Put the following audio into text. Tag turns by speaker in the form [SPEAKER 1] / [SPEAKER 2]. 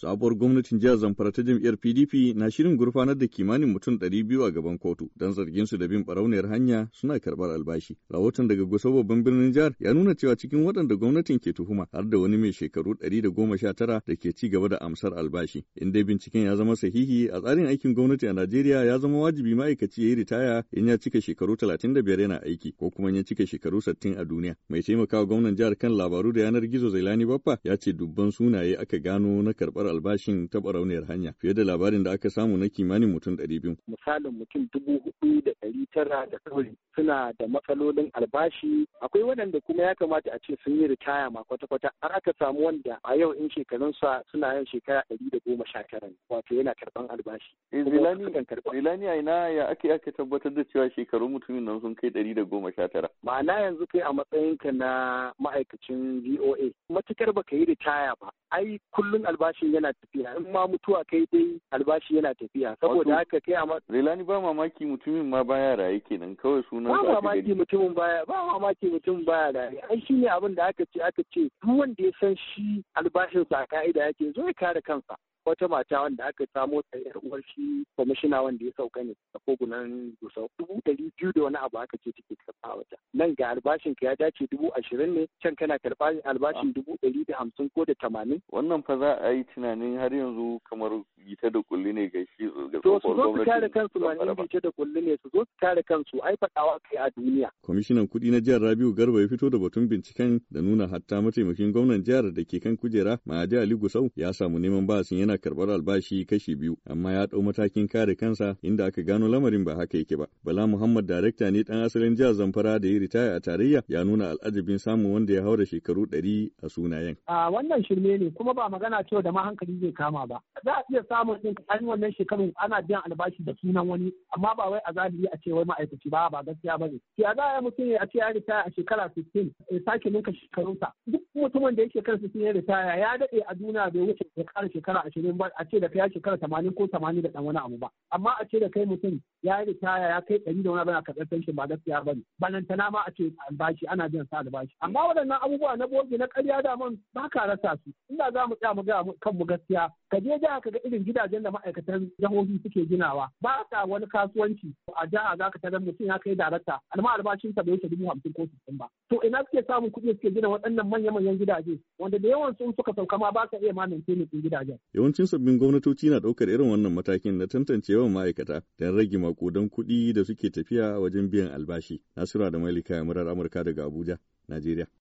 [SPEAKER 1] sabuwar gwamnatin jihar zamfara ta jam'iyyar pdp na shirin gurfanar da kimanin mutum ɗari biyu a gaban kotu don zargin su da bin barauniyar hanya suna karbar albashi rahoton daga gusa babban birnin jihar ya nuna cewa cikin waɗanda gwamnatin ke tuhuma har da wani mai shekaru 119 da goma sha tara da ke ci gaba da amsar albashi in dai binciken ya zama sahihi a tsarin aikin gwamnati a najeriya ya zama wajibi ma'aikaci ya yi ritaya in ya cika shekaru talatin da biyar yana aiki ko kuma ya cika shekaru sittin a duniya mai taimakawa gwamnan jihar kan labaru da yanar gizo zailani baffa ya ce dubban sunaye aka gano na karbar albashin taɓa rauniyar hanya fiye da labarin da aka samu na kimanin mutum ɗari biyu.
[SPEAKER 2] Misalin mutum dubu hudu da ɗari tara da kawai suna da matsalolin albashi akwai waɗanda kuma ya kamata a ce sun yi ritaya ma kwata-kwata har aka samu wanda a yau in shekarunsa suna yin shekara ɗari da goma sha tara wato yana karɓan albashi.
[SPEAKER 3] Zilani eh, a ina ya ake aka tabbatar da cewa shekarun mutumin nan sun kai ɗari da goma sha tara.
[SPEAKER 2] Ma'ana yanzu kai a matsayinka na ma'aikacin VOA matukar baka yi ritaya ba ai kullum albashin yana tafiya in ma mutuwa kai dai albashi yana tafiya saboda haka kai a Relani
[SPEAKER 3] ba mamaki mutumin ma baya raye kenan kawai sunan ba mamaki
[SPEAKER 2] mutumin baya ba mamaki mutumin baya raye an shi ne abin da aka ce aka ce duk wanda ya san shi albashin sa ka'ida yake zo ya kare kansa wata mata wanda aka samo ta yar uwar shi kwamishina wanda ya sauka ne a kogunan dusa dubu dari biyu da wani abu aka ce take karɓa wata nan ga albashin ka ya dace dubu ashirin ne can kana karɓa albashin dubu ɗari da hamsin ko da tamanin.
[SPEAKER 3] wannan fa za a yi tunanin har yanzu kamar bita da kulli ne ga shi ga to su zo su kare kansu ma ni bita da kulli ne su zo su kare kansu ai faɗawa kai a duniya.
[SPEAKER 1] kwamishinan kuɗi na jihar rabiu garba ya fito da batun binciken da nuna hatta mataimakin gwamnan jihar da ke kan kujera ma'adi ali gusau ya samu neman basin yana karɓar albashi kashi biyu amma ya ɗau matakin kare kansa inda aka gano lamarin ba haka yake ba. Bala Muhammad darekta ne ɗan asalin jihar Zamfara da ya ritaya a tarayya ya nuna al'ajabin samun wanda ya haura shekaru ɗari a sunayen.
[SPEAKER 2] A wannan shirme ne kuma ba magana cewa da ma hankali zai kama ba. Za a iya samun ɗin an wannan shekarun ana biyan albashi da sunan wani amma ba wai a zahiri a ce wai ma'aikaci ba ba gaskiya ba ne. Ya za a mutum ya ce ya ritaya a shekara 15 ya sake ninka shekarunsa. Duk mutumin da ya shekara 15 ya ritaya ya daɗe a duniya bai wuce ya ƙara shekara ashirin ba a ce da kai ya shekara tamanin ko tamanin da ɗan wani abu ba amma a ce da kai mutum ya yi ritaya ya kai ɗari da wani abin a karɓar ba gaskiya ba ne balantana ma a ce albashi ana jin sa albashi amma waɗannan abubuwa na bogi na ƙarya da man ba ka rasa su ina za mu tsaya mu ga kan kanmu gaskiya ka je jiha ka ga irin gidajen da ma'aikatan jihohi suke ginawa ba ka wani kasuwanci a jiha za ka tarar mutum ya kai darakta alma albashinsa bai wuce dubu hamsin ko sittin ba to ina suke samun kuɗi suke gina waɗannan manya-manyan gidaje wanda da yawan sun suka sauka ma ba ka iya ma maintainin gidajen.
[SPEAKER 1] yawancin sabbin gwamnatoci na ɗaukar irin wannan matakin na tantance yawan ma'aikata don rage makudan kuɗi da suke tafiya wajen biyan albashi. Nasura da Malika Murar Amurka daga Abuja, Najeriya.